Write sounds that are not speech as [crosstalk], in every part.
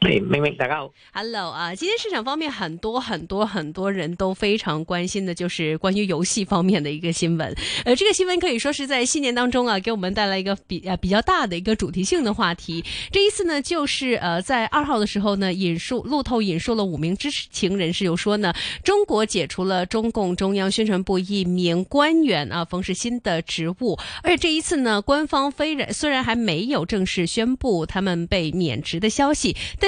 明明大家好，Hello 啊！今天市場方面很多很多很多人都非常關心的，就是關於遊戲方面的一個新聞。呃，這個新聞可以說是在新年當中啊，給我們帶來一個比啊比較大的一個主題性的話題。這一次呢，就是呃在二號的時候呢，引述路透引述了五名知情人士，又說呢，中國解除了中共中央宣傳部一名官員啊馮世新的職務。而且這一次呢，官方雖然雖然還沒有正式宣布他們被免職的消息，但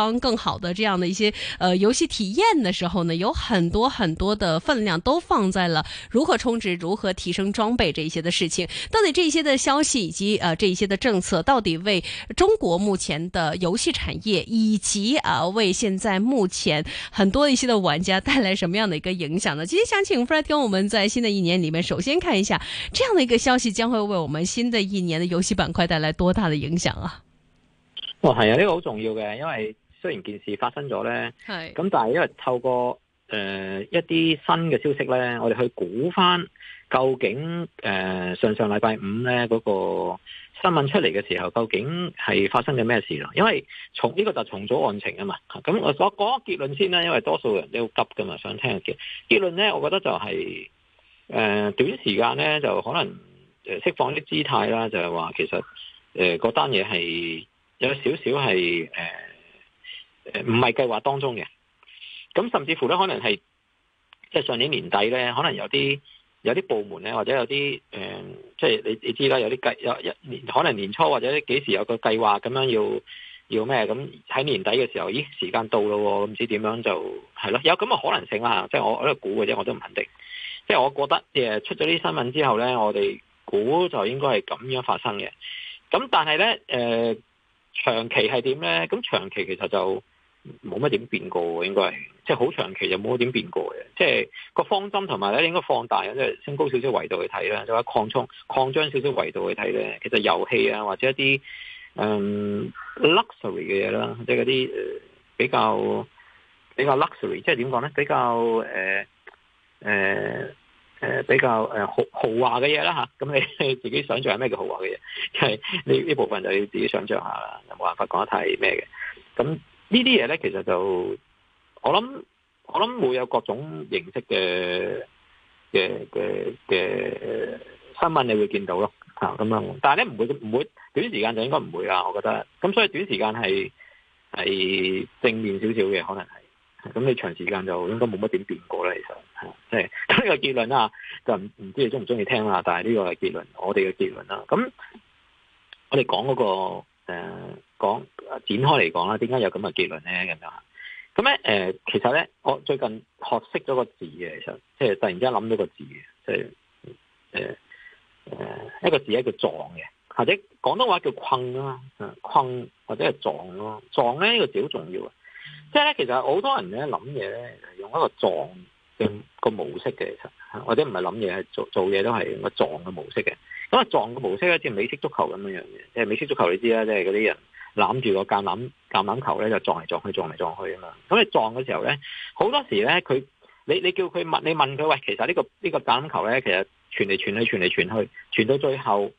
方更好的這樣的一些呃遊戲體驗的時候呢，有很多很多的分量都放在了如何充值，如何提升裝備這一些的事情。到底這些的消息以及呃這一些的政策，到底為中國目前的遊戲產業以及啊、呃、為現在目前很多一些的玩家帶來什麼樣的一個影響呢？今天想請 Frank 我們在新的一年裏面，首先看一下這樣的一個消息將會為我們新的一年的遊戲板塊帶來多大的影響啊？哦，係啊，呢個好重要嘅，因為雖然件事發生咗呢，係咁，但係因為透過誒、呃、一啲新嘅消息呢，我哋去估翻究竟誒、呃、上上禮拜五呢嗰、嗰個新聞出嚟嘅時候，究竟係發生緊咩事咯？因為從呢、呢個就係重組案情啊嘛，咁我我講結論先啦，因為多數人都好急噶嘛，想聽下結論。結論呢，我覺得就係、係、誒、呃、短時間呢，就可能誒釋放啲姿態啦，就係、係、話其實誒嗰單嘢係有少少係誒。呃誒唔係計劃當中嘅，咁甚至乎咧，可能係即係上年年底咧，可能有啲有啲部門咧，或者有啲誒、呃，即係你你知啦，有啲計有有年，可能年初或者幾時有個計劃咁樣要要咩，咁喺年底嘅時候，咦，時間到咯喎，唔知點樣就係咯，有咁嘅可能性啦，即係我喺度估嘅啫，我都唔肯定。即係我覺得誒出咗啲新聞之後咧，我哋估就應該係咁樣發生嘅。咁但係咧誒長期係點咧？咁長期其實就冇乜點變過，應該係即係好長期就冇乜點變過嘅。即係個方針同埋咧，應該放大即係升高少少維度去睇啦。就係話擴充、擴張少少維度去睇咧，其實遊戲，啊或者一啲、嗯、luxury 嘅嘢啦，即係嗰啲比較比較 luxury，即係點講咧？比較誒誒誒比較誒豪豪華嘅嘢啦吓。咁你自己想象係咩叫豪華嘅嘢？係呢呢部分就要自己想象下啦，冇辦法講得太咩嘅。咁呢啲嘢咧，其實就我諗，我諗會有各種形式嘅嘅嘅嘅新聞，你會見到咯，嚇咁樣。但係咧，唔會唔會短時間，就應該唔會啊，我覺得。咁所以短時間係係正面少少嘅，可能係。咁你長時間就應該冇乜點變過啦，其實係即係呢個結論啦、啊，就唔唔知你中唔中意聽啦。但係呢個係結論，我哋嘅結論啦、啊。咁我哋講嗰個、呃講展開嚟講啦，點解有咁嘅結論咧？咁樣嚇，咁咧誒，其實咧，我最近學識咗個字嘅，其實即係突然之間諗到個字嘅，即係誒誒一個字咧、就係呃呃、叫撞嘅，或者廣東話叫困嘛，困或者係撞咯，撞咧呢，呢個字好重要嘅，即係咧其實好多人咧諗嘢咧用一個撞嘅個模式嘅，其實或者唔係諗嘢係做做嘢都係用個撞嘅模式嘅。咁啊撞嘅模式咧，似美式足球咁樣樣嘅，即係美式足球你知啦，即係嗰啲人。攬住個橄欖，橄欖球咧就撞嚟撞去，撞嚟撞去啊嘛！咁你撞嘅時候咧，好多時咧，佢你你叫佢問你問佢喂，其實、這個這個、橄欖球呢個呢個橄欖球咧，其實傳嚟傳去，傳嚟傳去，傳到最後，誒、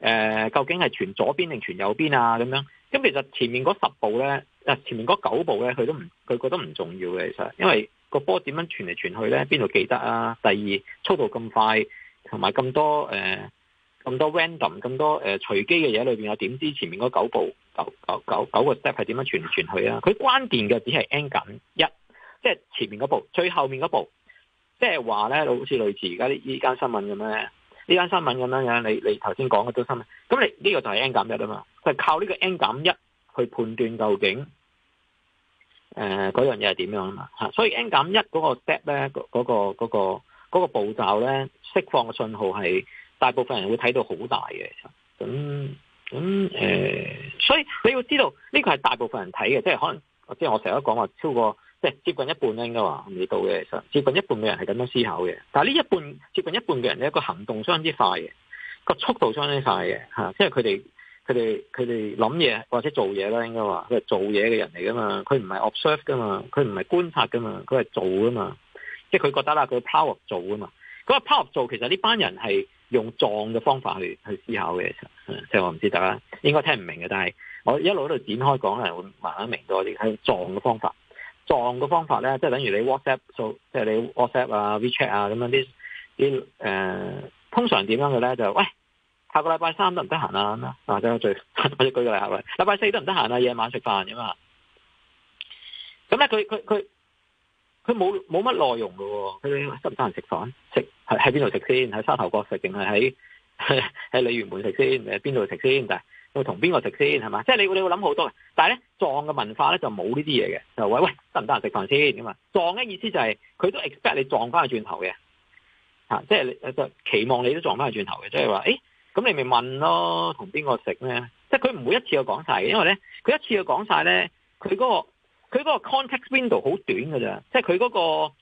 呃、究竟係傳左邊定傳右邊啊？咁樣咁其實前面嗰十步咧，啊前面嗰九步咧，佢都唔佢覺得唔重要嘅。其實因為個波點樣傳嚟傳去咧，邊度記得啊？第二速度咁快，同埋咁多誒咁、呃、多 random，咁多誒、呃、隨機嘅嘢裏邊，我點知前面嗰九步？九九九九個 step 係點樣傳嚟傳去啊？佢關鍵嘅只係 N 減一，即係前面嗰步，最後面嗰步，即係話咧，好似類似而家呢呢間新聞咁樣咧，呢間新聞咁樣樣。你你頭先講嘅都新聞，咁你呢、這個就係 N 減一啊嘛，就係、是、靠呢個 N 減一去判斷究竟誒嗰、呃、樣嘢係點樣啊嘛嚇。所以 N 減一嗰個 step 咧，嗰、那個嗰、那個那個那個、步驟咧，釋放嘅信號係大部分人會睇到好大嘅咁。咁、嗯、誒、呃，所以你要知道呢、這個係大部分人睇嘅，即係可能，即係我成日都講話超過，即係接近一半啦，應該話未到嘅，其實接近一半嘅人係咁樣思考嘅。但係呢一半，接近一半嘅人咧，一個行動相當之快嘅，個速度相當之快嘅嚇、啊。即係佢哋，佢哋，佢哋諗嘢或者做嘢啦，應該話佢係做嘢嘅人嚟噶嘛，佢唔係 observe 噶嘛，佢唔係觀察噶嘛，佢係做噶嘛。即係佢覺得啦，佢 power 做噶嘛。咁啊，power 做其實呢班人係。用撞嘅方法去去思考嘅，其實，即係我唔知大家應該聽唔明嘅，但係我一路喺度展開講咧，會慢慢明多啲。喺撞嘅方法，撞嘅方法咧，即係等於你 WhatsApp 數，即係你 WhatsApp 啊、WeChat 啊咁樣啲啲誒，通常點樣嘅咧？就喂，下個禮拜三得唔得閒啊？或者我最我舉個例下咪？禮 [laughs] 拜四得唔得閒啊，夜晚食飯㗎嘛。咁咧，佢佢佢佢冇冇乜內容嘅喎、啊。佢得唔得閒食飯？食？喺邊度食先？喺沙頭角食定係喺喺鯉魚門食先？誒邊度食先？但係要同邊個食先？係嘛？即係你你會諗好多嘅。但係咧，藏嘅文化咧就冇呢啲嘢嘅。就喂喂，得唔得閒食飯先？咁啊，藏嘅意思就係、是、佢都 expect 你撞翻去轉頭嘅。嚇！即係你就期望你都撞翻去轉頭嘅，即係話誒，咁、欸、你咪問咯，同邊個食咧？即係佢唔會一次就講晒嘅，因為咧佢一次就講晒咧，佢嗰、那個佢嗰個 context window 好短㗎咋，即係佢嗰個。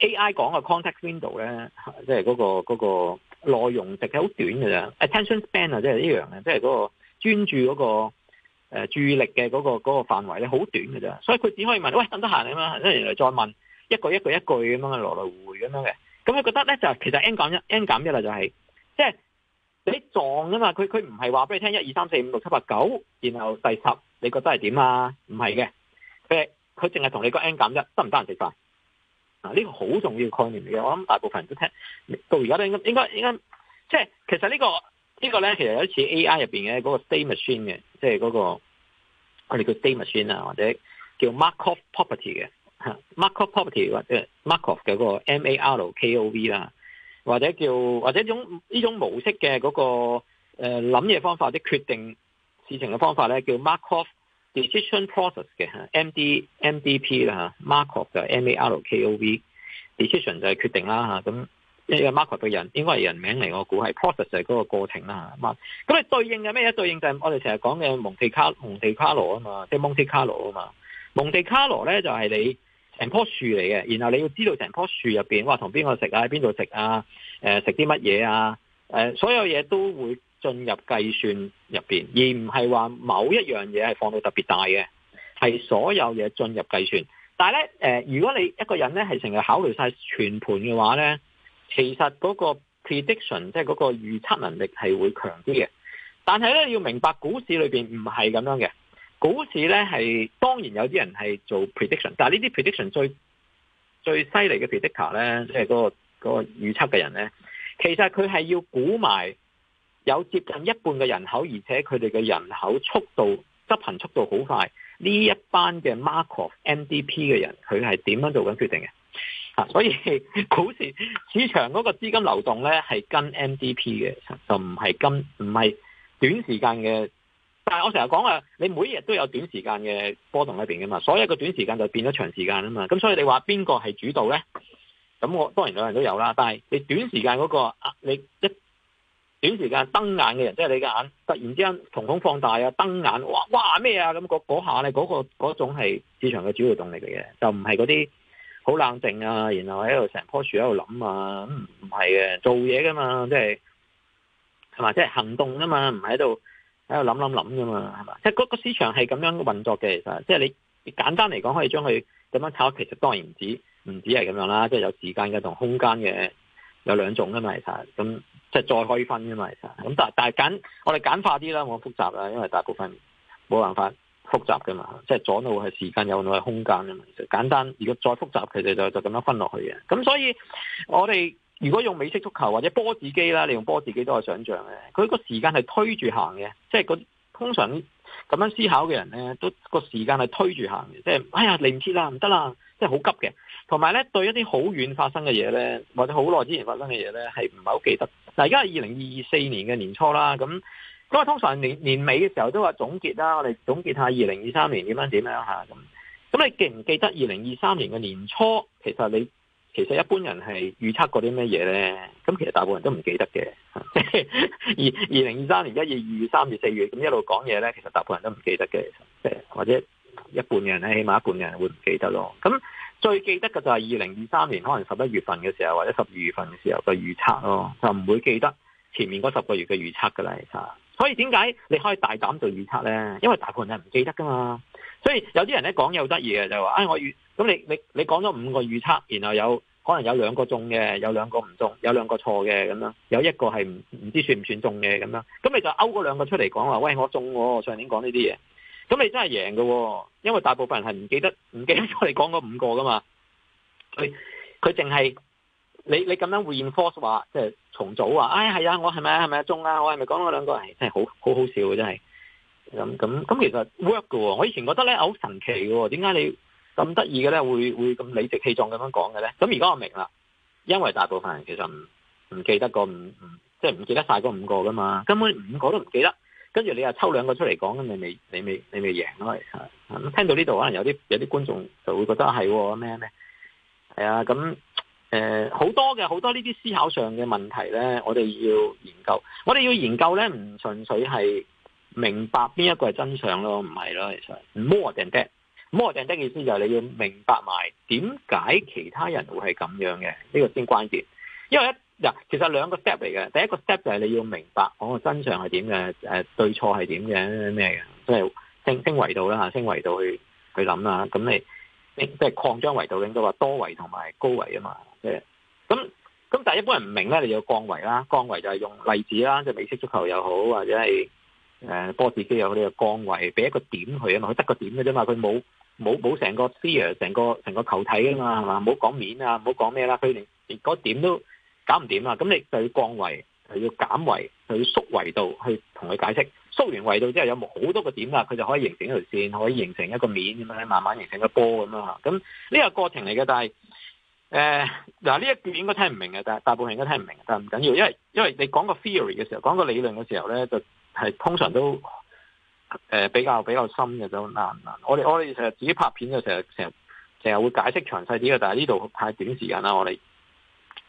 A.I. 講、個 context window 咧，即係嗰個嗰內容，其實好短嘅啫。Attention span 啊、呢個，即係一樣嘅，即係嗰個專注嗰個注意力嘅嗰、嗰個嗰、嗰個範圍咧，好短嘅咋。所以佢只可以問：喂，得唔得閒啊？嘛？咁樣跟住嚟再問一句一句、一句咁樣來來回回咁樣嘅。咁佢覺得咧就其實 N 減一，N 減一啦，就係即係你撞啊嘛。佢佢唔係話俾你聽一二三四五六七八九，然後第十你覺得係點啊？唔係嘅，佢佢淨係同你個 N 減一得唔得閒食飯？啊！呢、這個好重要概念嚟嘅，我諗大部分人都聽到而家都應該應該應該即係其實呢、這個這個呢個咧，其實有似 A.I. 入邊嘅個 state machine 嘅，即係、嗰個我哋叫 state machine 啊，或者叫 Markov property 嘅，Markov property、呃、Markov 的那或者 Markov 嘅個 M-A-R-K-O-V 啦，或者叫或者種呢種模式嘅、嗰個誒諗嘢方法或者決定事情嘅方法咧，叫 Markov。decision process 嘅吓 MDMDP 啦嚇，Mark 就係 MARKOV，decision 就係決定啦吓。咁一個 Markov 個人應該係人名嚟，我估係 process 就係嗰個過程啦嚇。咁咁你對應嘅咩嘢？對應就係我哋成日講嘅蒙地卡蒙地卡羅啊嘛，即係蒙地卡羅啊嘛。蒙地卡羅咧就係、是、你成棵樹嚟嘅，然後你要知道成棵樹入邊，哇，同邊個食啊？喺邊度食啊？誒、呃，食啲乜嘢啊？誒、呃，所有嘢都會，進入計算入邊，而唔係話某一樣嘢係放到特別大嘅，係所有嘢進入計算。但係咧，呃，如果你一個人咧係成日考慮晒全盤嘅話咧，其實嗰個 prediction 即係嗰個預測能力係會強啲嘅。但係咧，你要明白股市裏邊唔係咁樣嘅，股市咧係當然有啲人係做 prediction，但係呢啲 prediction 最最犀利嘅 predictor 咧，即係嗰個嗰個預測嘅人咧，其實佢係要估埋。有接近一半嘅人口，而且佢哋嘅人口速度執行速度好快。呢一班嘅 Markov MDP 嘅人，佢係點樣做緊決定嘅？啊，所以股市市場嗰個資金流動咧，係跟 MDP 嘅，就唔係跟唔係短時間嘅。但係我成日講啊，你每日都有短時間嘅波動喺邊噶嘛，所以個短時間就變咗長時間啊嘛。咁所以你話邊個係主導咧？咁我當然兩人都有啦。但係你短時間嗰個啊，你一。短時間瞪眼嘅人，即係你嘅眼突然之間瞳孔放大啊！瞪眼，哇哇咩啊！咁嗰下咧，嗰個嗰種係市場嘅主要動力嚟嘅，就唔係嗰啲好冷靜啊，然後喺度成樖樹喺度諗啊，唔唔係嘅，做嘢噶嘛，即係係嘛，即係行動啊嘛，唔喺度喺度諗諗諗噶嘛，係嘛？即係嗰個市場係咁樣運作嘅，其實即係你簡單嚟講，可以將佢咁樣炒，其實當然唔止唔止係咁樣啦，即係有時間嘅同空間嘅有兩種噶嘛，其實咁。即係再可以分噶嘛？其實咁但係但係簡，我哋簡化啲啦，冇咁複雜啦，因為大部分冇辦法複雜噶嘛。即係左腦係時間，右腦係空間啊嘛。其實簡單，如果再複雜，其實就就咁樣分落去嘅。咁所以我哋如果用美式足球或者波子機啦，你用波子機都係想像嘅。佢個時間係推住行嘅，即係嗰通常咁樣思考嘅人咧，都個時間係推住行嘅。即係哎呀，嚟唔切啦，唔得啦，即係好急嘅。同埋咧，對一啲好遠發生嘅嘢咧，或者好耐之前發生嘅嘢咧，係唔係好記得？嗱，而家係二零二四年嘅年初啦，咁，咁啊，通常年年尾嘅時候都話總結啦，我哋總結下二零二三年點樣點樣吓咁。咁你記唔記得二零二三年嘅年初，其實你其實一般人係預測過啲咩嘢咧？咁其實大部分人都唔記得嘅。二二零二三年一月、二月、三月、四月，咁一路講嘢咧，其實大部分人都唔記得嘅，即係或者一半人咧，起碼一半人會唔記得咯。咁。最記得嘅就係二零二三年可能十一月份嘅時候或者十二月份嘅時候嘅預測咯，就唔會記得前面嗰十個月嘅預測噶啦，其實。所以點解你可以大膽做預測呢？因為大部分人係唔記得噶嘛。所以有啲人咧講嘢好得意嘅就係話：唉、哎，我預咁你你你講咗五個預測，然後有可能有兩個中嘅，有兩個唔中，有兩個錯嘅咁樣，有一個係唔唔知算唔算中嘅咁樣。咁你就勾嗰兩個出嚟講話，喂，我中喎！上年講呢啲嘢。咁你真係贏嘅、哦，因為大部分人係唔記得唔記得我哋講嗰五個噶嘛，佢佢淨係你你咁樣換 force 話即係重組話，哎係啊，我係咪係咪中啊？我係咪講咗兩個？哎、真係好好好笑嘅真係咁咁咁，其實 work 㗎喎、哦。我以前覺得咧好神奇嘅喎、哦，點解你咁得意嘅咧會會咁理直氣壯咁樣講嘅咧？咁而家我明啦，因為大部分人其實唔唔記得個唔唔即係唔記得晒五個噶嘛，根本五個都唔記得。跟住你又抽兩個出嚟講，咁你未你未你未贏咯。係咁聽到呢度可能有啲有啲觀眾就會覺得係咩咩係啊！咁誒好多嘅好多呢啲思考上嘅問題咧，我哋要研究，我哋要研究咧，唔純粹係明白邊一個係真相咯，唔係咯，其實。More than that，more than that 嘅意思就係你要明白埋點解其他人會係咁樣嘅，呢、呢個先關鍵，因為嗱，其實兩個 step 嚟嘅，第一個 step 就係你要明白我個真相係點嘅，誒對錯係點嘅咩嘅，即係升升維度啦嚇，升維度去去諗啦。咁你即係擴張維度，應該話多維同埋高維啊嘛。即係咁咁，但係一般人唔明咧，你要降維啦，降維就係用例子啦，即係美式足球又好，或者係誒波士機又好，呢個降維俾一個點佢啊嘛，佢得個點嘅啫嘛，佢冇冇冇成個 sphere，成個成個球體啊嘛，係嘛，冇講面啊，冇講咩啦，佢連嗰點都～搞唔掂啦，咁你就要降維，就要減維，就要縮維度，去同佢解釋，縮完維度之後有冇好多個點啦，佢就可以形成一條線，可以形成一個面咁樣，慢慢形成一個波咁樣嚇。咁呢個過程嚟嘅，但係誒嗱呢一句應該聽唔明嘅，但係大部分人都聽唔明，但係唔緊要，因為因為你講個 theory 嘅時候，講個理論嘅時候咧，就係通常都誒、呃、比較比較深嘅，就難難。我哋我哋成日自己拍片就成日成成日會解釋詳細啲嘅，但係呢度太短時間啦，我哋。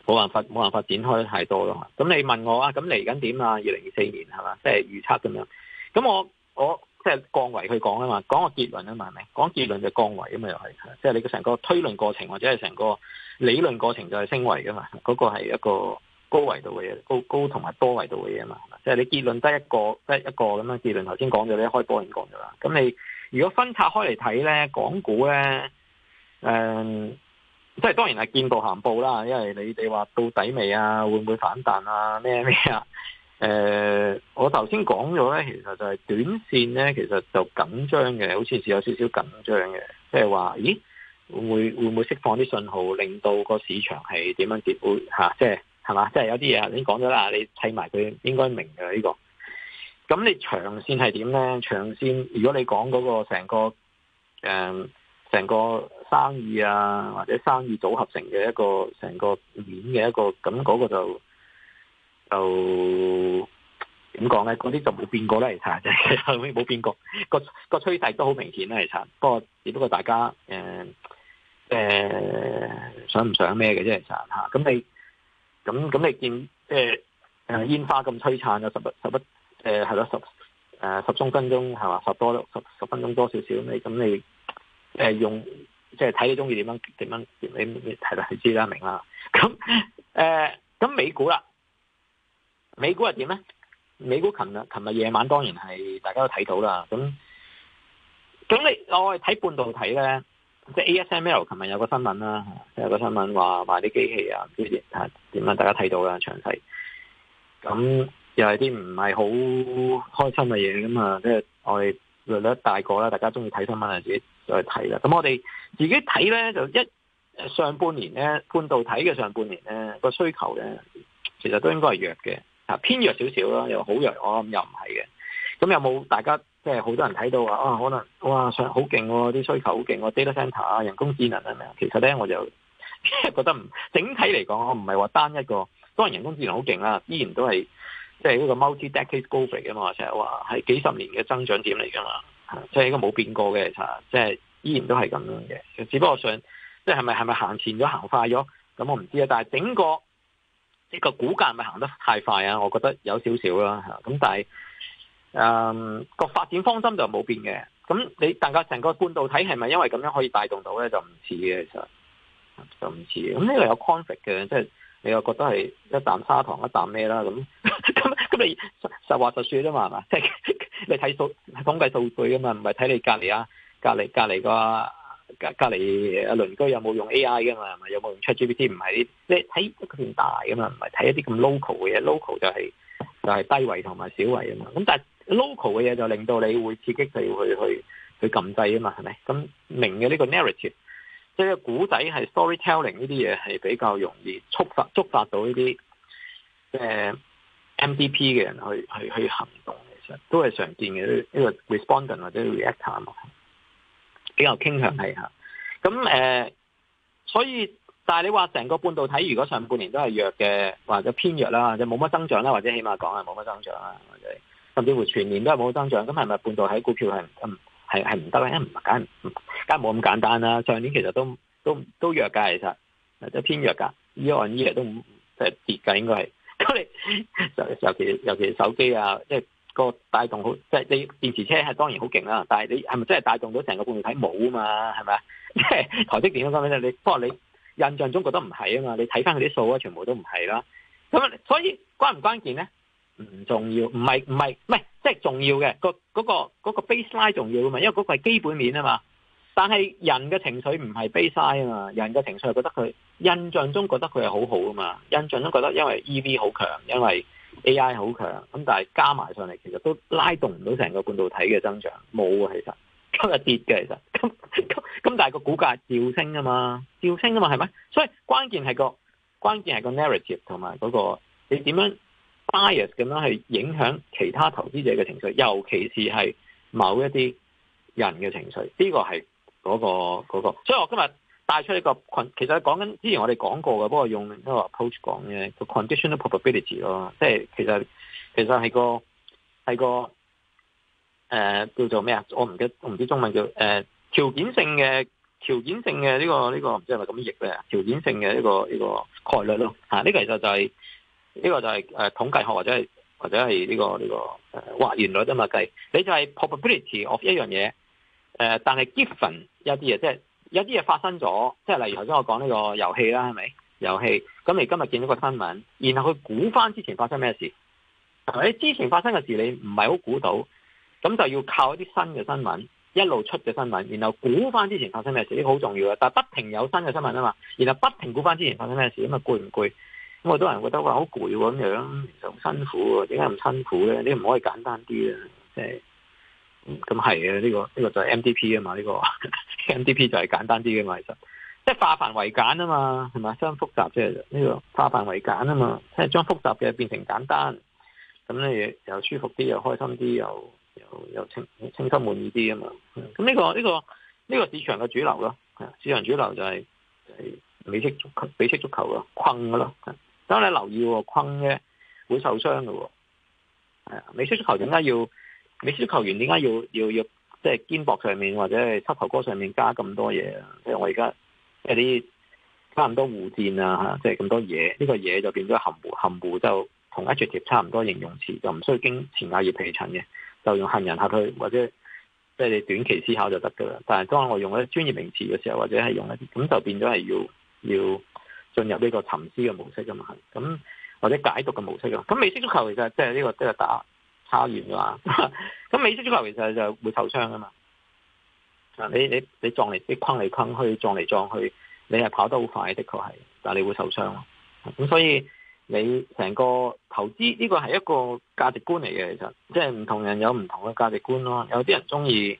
冇辦法冇辦法展開太多嘛。咁你問我啊，咁嚟緊點啊？二零二四年係嘛，即係預測咁樣。咁我我即係降維去講啊嘛，講個結論啊嘛，明？講結論就降維啊嘛，又係，即係你個成個推論過程或者係成個理論過程就係升維噶嘛，嗰、那個係一個高維度嘅嘢，高高同埋多維度嘅嘢啊嘛，是即係你結論得一個得一個咁樣，結論頭先講咗咧，你一開波已經講咗啦。咁你如果分拆開嚟睇咧，港股咧，誒、嗯。即係當然係見步行步啦，因為你你話到底未啊？會唔會反彈啊？咩咩啊？誒，我頭先講咗咧，其實就係短線咧，其實就緊張嘅，好似是有少少緊張嘅，即係話，咦？會會唔會，會釋放啲信號，令到個市場係點樣結尾嚇？即係係嘛？即係、即係、有啲嘢，你講咗啦，你睇埋佢應該明嘅呢、呢個。咁你長線係點咧？長線如果你講嗰個成個誒成個。呃整個生意啊，或者生意組合成嘅一個成個面嘅一個咁嗰個就就點講咧？嗰啲就冇變過啦，其實真係冇變過，個個趨勢都好明顯啦，其 [laughs] 實不過只不過大家誒、呃呃、想唔想咩嘅啫，其實嚇咁你咁咁你見即係、呃、 [laughs] 煙花咁璀璨啊，十十不咯、呃、十、呃十，呃、十，鐘十,十,十分鐘係嘛十多十十分鐘多少少你咁你、呃、用？即係睇你中意點樣點樣，你睇啦，你知啦，明啦。咁誒，咁、呃、美股啦、啊，美股係點咧？美股琴日琴日夜晚當然係大家都睇到啦。咁咁你我係睇半導體咧，即係 ASML。琴日有個新聞啦、啊，有個新聞話買啲機器啊，唔知點點大家睇到啦，詳細。咁又係啲唔係好開心嘅嘢，咁啊，即係我哋略略帶過啦，大家中意睇新聞啊，自己再去睇啦。咁我哋。自己睇咧就一上半年咧，半導體嘅上半年咧、個需求咧，其實都應該係弱嘅，偏弱少少啦，又好弱，我、哦、諗又唔係嘅。咁有冇大家即係好多人睇到話啊、哦？可能哇上好勁喎，啲、哦、需求好勁喎，data centre 啊，人工智能係咪？啊？其實咧我就覺得唔整體嚟講，我唔係話單一個，當然人工智能好勁啦，依然都係即係嗰個 multi decades growth 嘅嘛，即係話係幾十年嘅增長點嚟㗎嘛，即係應該冇變過嘅，即係。依然都係咁樣嘅，只不過上即係咪係咪行前咗行快咗？咁我唔知啊。但係整個呢、這個股價係咪行得太快啊？我覺得有少少啦嚇。咁、嗯、但係誒、嗯那個發展方針就冇變嘅。咁你大概成個半導體係咪因為咁樣可以帶動到咧？就唔似嘅，其實就唔似嘅。咁呢個有 conflict 嘅，即係你又覺得係一啖砂糖一啖咩啦？咁咁咁你實話實說啫嘛？係嘛？即 [laughs] 係你睇數統計數據㗎嘛？唔係睇你隔籬啊。隔離隔離個隔隔離阿鄰居，有冇用 A.I. 噶嘛？有冇用 ChatGPT？唔係，即係睇一片大噶嘛？唔係睇一啲咁 local 嘅嘢。local 就係、是、就係、是、低位同埋小位啊嘛。咁但係 local 嘅嘢就令到你會刺激去，就要去去去撳掣啊嘛，係咪？咁明嘅呢個 narrative，即係個古仔係 storytelling 呢啲嘢係比較容易觸發觸發到呢啲誒 MDP 嘅人去去去行動。其實都係常見嘅呢、這個 respondent 或者 reactor 嘛。比較傾向係吓，咁誒，所以但係你話成個半導體，如果上半年都係弱嘅，或者偏弱啦，就冇乜增長啦，或者起碼講係冇乜增長啦，或者甚至乎全年都係冇增長，咁係咪半導體股票係唔係係唔得咧？因為唔簡唔梗係冇咁簡單啦。上年其實都都都弱㗎，其實或者偏弱㗎，依按依日都唔係跌㗎，應該係。尤其尤其手機啊，即係。嗰個帶動好即係你電池車係當然好勁啦，但係你係咪真係帶動到成個半導體冇啊嘛？係咪啊？ [laughs] 台積電嗰方面咧，你不過你印象中覺得唔係啊嘛？你睇翻佢啲數啊，全部都唔係啦。咁啊，所以關唔關鍵咧？唔重要，唔係唔係唔係，即係重要嘅，嗰個嗰、嗰個、嗰個 base line 重要啊嘛，因為嗰個係基本面啊嘛。但係人嘅情緒唔係 base line 啊嘛，人嘅情緒係覺得佢印象中覺得佢係好好啊嘛，印象中覺得因為 EV 好強，因為。A.I. 好強，咁但係加埋上嚟，其實都拉動唔到成個半導體嘅增長，冇啊，其實今日跌嘅，其實咁咁咁，但係個股價照升噶嘛，照升噶嘛，係咪？所以關鍵係個關鍵係個 narrative 同埋嗰個你點樣 bias 咁樣去影響其他投資者嘅情緒，尤其是係某一啲人嘅情緒，呢個係嗰個嗰個，所以我今日。帶出呢個群，其實講緊之前我哋講過嘅，不過用一個 approach 講嘅個 conditional probability 咯，即係其實其實係個係個誒、呃、叫做咩啊？我唔記得，我唔知中文叫誒、呃、條件性嘅條件性嘅呢、這個呢、這個唔知係咪咁嘅譯嚟條件性嘅呢、這個呢、這個概率咯，呢、嗯啊這個其實就係、是、呢、這個就係誒統計學或者係或者係呢、這個呢、這個誒、呃、或然率啫嘛，計你就係 probability of 一樣嘢誒，但係 given 一啲嘢即係。有啲嘢發生咗，即係例如頭先我講呢個遊戲啦，係咪遊戲？咁你今日見到個新聞，然後佢估翻之前發生咩事？喺之前發生嘅事，你唔係好估到，咁就要靠一啲新嘅新聞，一路出嘅新聞，然後估翻之前發生咩事，呢個好重要嘅。但係不停有新嘅新聞啊嘛，然後不停估翻之前發生咩事，咁啊攰唔攰？咁好多人覺得話好攰咁樣，咁辛苦，點解咁辛苦咧？呢個唔可以簡單啲啊！即係，嗯，咁係嘅，呢個呢個就係 M D P 啊嘛，呢個。MDP 就係簡單啲嘅，其實即係化繁為簡啊嘛，係咪？相複雜即係呢個化繁為簡啊嘛，即係將複雜嘅變成簡單，咁咧又舒服啲，又開心啲，又又又清清心滿意啲啊嘛，咁呢、呢個呢、呢個呢、呢個市場嘅主流咯，市場主流就係係美式足美式足球咯，框噶咯，當你留意喎，框咧會受傷噶，係美式足球點解要美式足球員點解要要要？即係肩膊上面或者係膝頭哥上面加咁多嘢啊！即係我而家一啲差唔多互戰啊，即係咁多嘢，呢、這個嘢就變咗含糊，含糊就同一句 e 差唔多形容詞，就唔需要經前下熱皮層嘅，就用行人下去，或者即係你短期思考就得噶啦。但係當我用一啲專業名詞嘅時候，或者係用一啲咁就變咗係要要進入呢個沉思嘅模式噶嘛，咁或者解讀嘅模式咯。咁美式足球其實即係呢個即係、就是、打。差完嘅話，咁 [laughs] 美式足球其實就會受傷㗎嘛！你你你撞嚟，你困嚟困去，撞嚟撞去，你係跑得好快，的確係，但係你會受傷咯。咁所以你成個投資呢個係一個價值觀嚟嘅，其實即係唔同人有唔同嘅價值觀咯。有啲人中意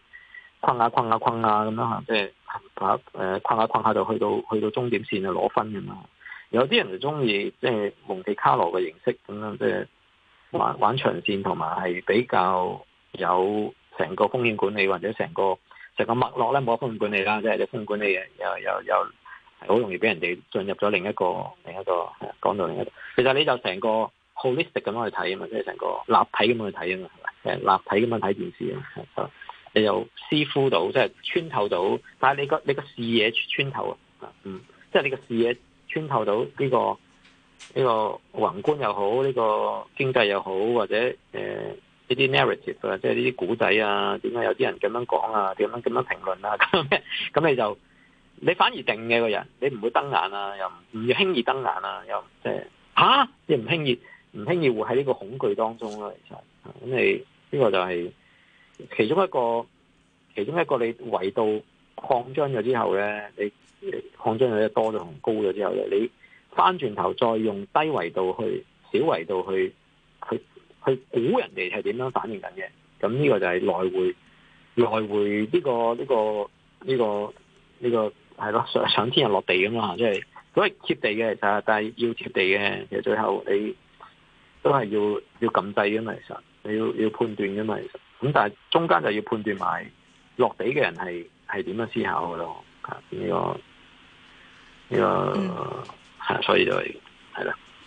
困下困下困下咁咯，即係跑誒困下困下就去到去到終點線就攞分咁咯。有啲人就中意即係蒙地卡羅嘅形式咁樣即係。玩玩長線同埋係比較有成個風險管理，或者成個成個脈絡咧冇風險管理啦，即係啲風險管理又又又好容易俾人哋進入咗另一個另一個講到另一個。其實你就成個 holistic 咁樣去睇啊嘛，即係成個立體咁樣去睇啊嘛，係咪？誒，立體咁樣睇電視啊，你又視乎到，即係穿透到。但係你個你個視野穿透啊，嗯，即係你個視野穿透到呢個。呢、這個宏觀又好，呢、這個經濟又好，或者誒呢啲 narrative 啊，即係呢啲故仔啊，點解有啲人咁樣講啊，點樣咁樣評論啊？咁 [laughs] 咁你就你反而定嘅、這個人，你唔會瞪眼啊，又唔輕易瞪眼啊，又即係吓，你唔輕易唔輕易活喺呢個恐懼當中啊。其實咁你呢、這個就係其中一個其中一個你維度擴張咗之後咧，你擴張咗多咗同高咗之後咧，你。翻轉頭再用低維度去、小維度去、去、去估人哋係點樣反應緊嘅，咁呢個就係來回來回呢個、呢個、呢個、呢個係咯，上上天又落地咁嘛，即係都係貼地嘅但係要貼地嘅，其實最後你都係要要撳掣嘅嘛，其實你要要判斷嘅嘛，咁但係中間就要判斷埋落地嘅人係係點樣思考嘅咯，呢個呢個。這個嗯所以就係，啦、哎。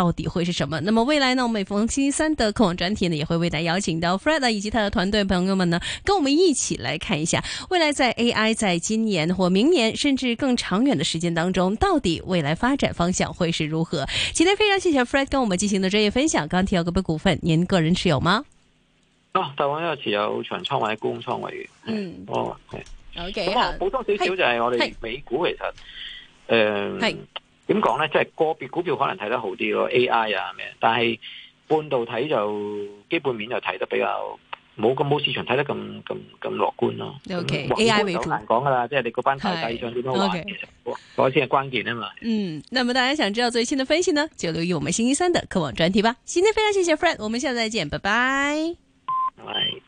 到底會是什麼？那麼未來呢？我們每逢星期三的科網專題呢，也會為大家邀請到 Fred、啊、以及他的團隊朋友們呢，跟我們一起來看一下未來在 AI 在今年或明年，甚至更長遠的時間當中，到底未來發展方向會是如何？今天非常謝謝 Fred 跟我們進行的專業分享。剛提到個別股份，您個人持有嗎？哦，大王呢持有長倉位、公倉位嗯，好、哦、OK。啊，補充少少就係我哋美股其實，誒、hey, hey.。Um, hey. 點講咧，即係個別股票可能睇得好啲咯，AI 啊咩，但係半導體就基本面就睇得比較冇咁冇市場睇得咁咁咁樂觀咯。OK，AI 未好難講噶啦，即係你嗰班投資者點樣玩、okay，其實嗰先係關鍵啊嘛。嗯，那麼大家想知道最新嘅分析呢，就留意我們星期三的科網專題吧。今天非常謝謝 Frank，我們下次再見，拜拜。拜。